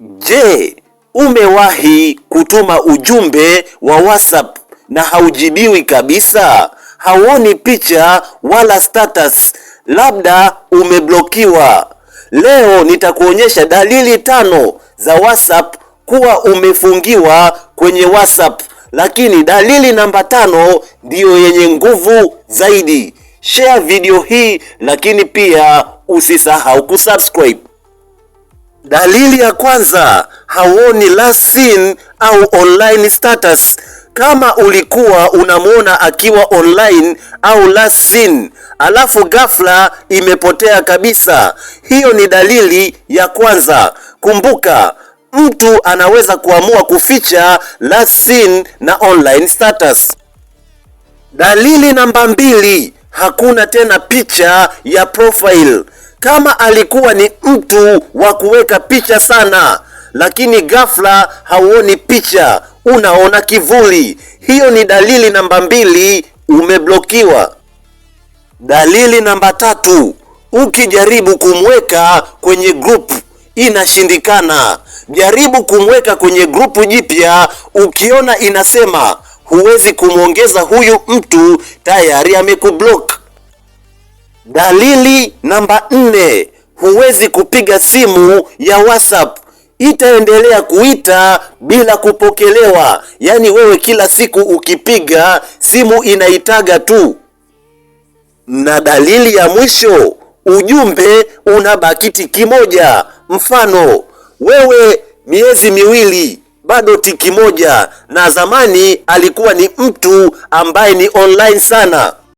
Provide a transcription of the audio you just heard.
Je, umewahi kutuma ujumbe wa WhatsApp na haujibiwi kabisa? Hauoni picha wala status, labda umeblokiwa. Leo nitakuonyesha dalili tano za WhatsApp kuwa umefungiwa kwenye WhatsApp. Lakini dalili namba tano ndiyo yenye nguvu zaidi. Share video hii, lakini pia usisahau kusubscribe. Dalili ya kwanza, hauoni last seen au online status. Kama ulikuwa unamwona akiwa online au last seen, alafu ghafla imepotea kabisa, hiyo ni dalili ya kwanza. Kumbuka, mtu anaweza kuamua kuficha last seen na online status. Dalili namba mbili, hakuna tena picha ya profile. Kama alikuwa ni mtu wa kuweka picha sana, lakini ghafla hauoni picha, unaona kivuli, hiyo ni dalili namba mbili, umeblokiwa. Dalili namba tatu, ukijaribu kumweka kwenye grupu inashindikana. Jaribu kumweka kwenye grupu jipya, ukiona inasema huwezi kumwongeza huyu mtu, tayari amekublock. Dalili namba nne, huwezi kupiga simu ya WhatsApp itaendelea kuita bila kupokelewa. Yaani wewe kila siku ukipiga simu inaitaga tu. Na dalili ya mwisho, ujumbe unabaki bakiti kimoja. Mfano, wewe miezi miwili bado tiki moja, na zamani alikuwa ni mtu ambaye ni online sana.